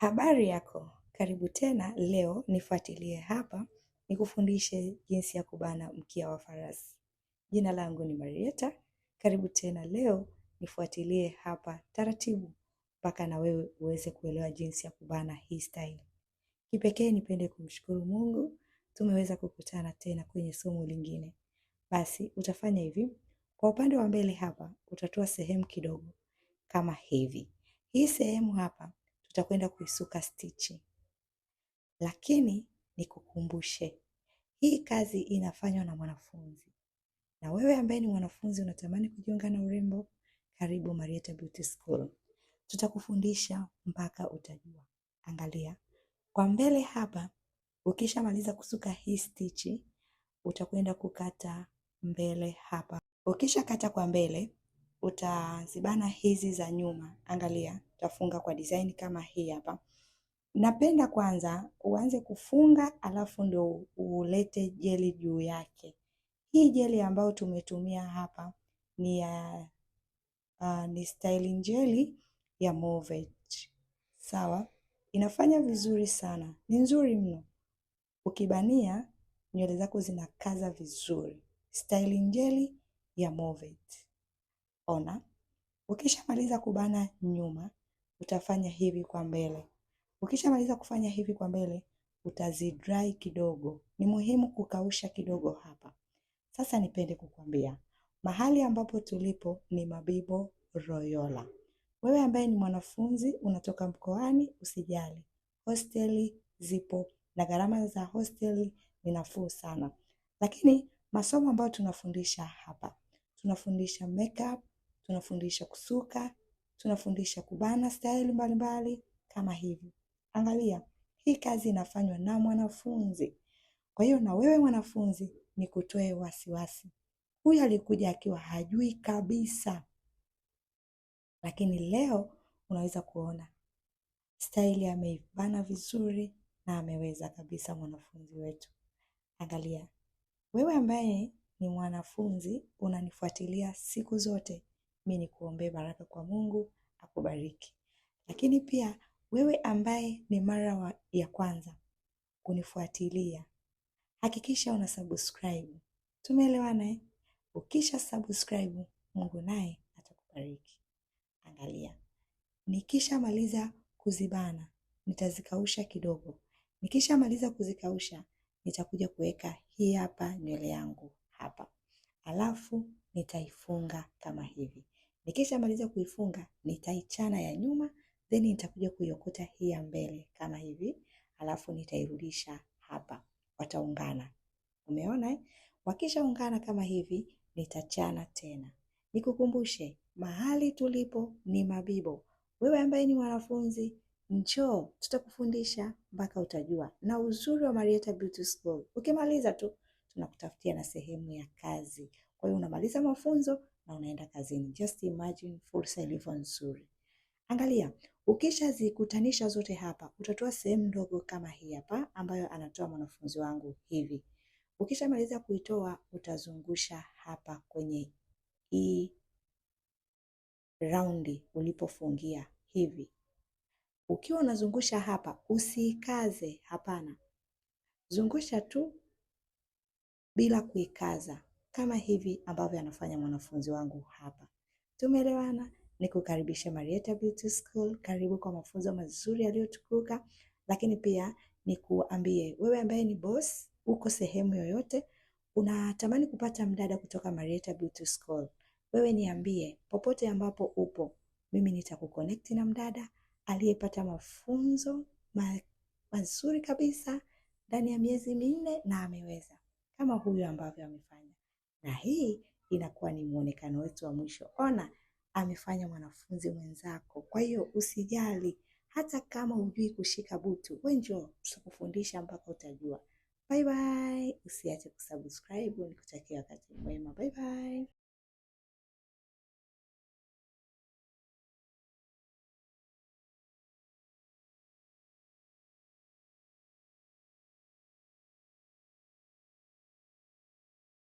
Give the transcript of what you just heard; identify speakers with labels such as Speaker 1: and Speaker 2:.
Speaker 1: Habari yako, karibu tena. Leo nifuatilie hapa nikufundishe jinsi ya kubana mkia wa farasi. Jina langu ni Marieta, karibu tena. Leo nifuatilie hapa taratibu mpaka na wewe uweze kuelewa jinsi ya kubana hii style. Kipekee nipende kumshukuru Mungu, tumeweza kukutana tena kwenye somo lingine. Basi utafanya hivi, kwa upande wa mbele hapa utatoa sehemu kidogo kama hivi. Hii sehemu hapa tutakwenda kuisuka stichi. Lakini nikukumbushe, hii kazi inafanywa na mwanafunzi, na wewe ambaye ni mwanafunzi unatamani kujiunga na urembo, karibu Marietha Beauty School. Tutakufundisha mpaka utajua. Angalia kwa mbele hapa, ukishamaliza kusuka hii stichi utakwenda kukata mbele hapa. Ukishakata kwa mbele utazibana hizi za nyuma. Angalia, utafunga kwa design kama hii hapa. Napenda kwanza uanze kufunga, alafu ndio ulete jeli juu yake. Hii jeli ambayo tumetumia hapa ni ya uh, ni styling jeli ya Movet. Sawa, inafanya vizuri sana, ni nzuri mno. Ukibania nywele zako zinakaza vizuri, styling jeli ya Movet ona. Ukishamaliza kubana nyuma, utafanya hivi kwa mbele. Ukishamaliza kufanya hivi kwa mbele, utazidrai kidogo. Ni muhimu kukausha kidogo hapa. Sasa nipende kukwambia mahali ambapo tulipo ni Mabibo Royola. Wewe ambaye ni mwanafunzi unatoka mkoani, usijali, hosteli zipo na gharama za hosteli ni nafuu sana, lakini masomo ambayo tunafundisha hapa tunafundisha makeup, tunafundisha kusuka, tunafundisha kubana staili mbalimbali kama hivi. Angalia, hii kazi inafanywa na mwanafunzi. Kwa hiyo na wewe mwanafunzi, ni kutoe wasiwasi. Huyu alikuja akiwa hajui kabisa, lakini leo unaweza kuona staili ameibana vizuri na ameweza kabisa mwanafunzi wetu. Angalia wewe ambaye ni mwanafunzi unanifuatilia siku zote, mi nikuombee baraka kwa Mungu akubariki. Lakini pia wewe ambaye ni mara ya kwanza kunifuatilia, hakikisha una subscribe. Tumeelewana eh? Ukisha subscribe, Mungu naye atakubariki. Angalia, nikishamaliza kuzibana nitazikausha kidogo. Nikishamaliza kuzikausha nitakuja kuweka hii hapa nywele yangu hapa, alafu nitaifunga kama hivi. Nikishamaliza kuifunga nitaichana ya nyuma, then nitakuja kuiokota hii ya mbele kama hivi, alafu nitairudisha hapa, wataungana. Umeona eh? Wakishaungana kama hivi, nitachana tena. Nikukumbushe, mahali tulipo ni Mabibo. Wewe ambaye ni mwanafunzi, njoo, tutakufundisha mpaka utajua, na uzuri wa Marietha Beauty School, ukimaliza tu tunakutafutia na sehemu ya kazi. Kwa hiyo unamaliza mafunzo na unaenda kazini. Just imagine fursa ilivyo nzuri. Angalia, ukishazikutanisha zote hapa utatoa sehemu ndogo kama hii hapa ambayo anatoa mwanafunzi wangu hivi. Ukishamaliza kuitoa utazungusha hapa kwenye hii e raundi ulipofungia hivi. Ukiwa unazungusha hapa, usiikaze hapana, zungusha tu bila kuikaza kama hivi ambavyo anafanya mwanafunzi wangu hapa. Tumeelewana? Nikukaribisha Marietha Beauty School, karibu kwa mafunzo mazuri yaliyotukuka, lakini pia nikuambie wewe ambaye ni boss, uko sehemu yoyote unatamani kupata mdada kutoka Marietha Beauty School, wewe niambie popote ambapo upo, mimi nitakuconnect na mdada aliyepata mafunzo ma, mazuri kabisa ndani ya miezi minne na ameweza kama huyu ambavyo amefanya na hii inakuwa ni mwonekano wetu wa mwisho. Ona, amefanya mwanafunzi mwenzako. Kwa hiyo usijali, hata kama hujui kushika butu, we njoo tutakufundisha mpaka utajua. Bye bye, usiache kusubscribe. Nikutakia wakati mwema. Bye bye.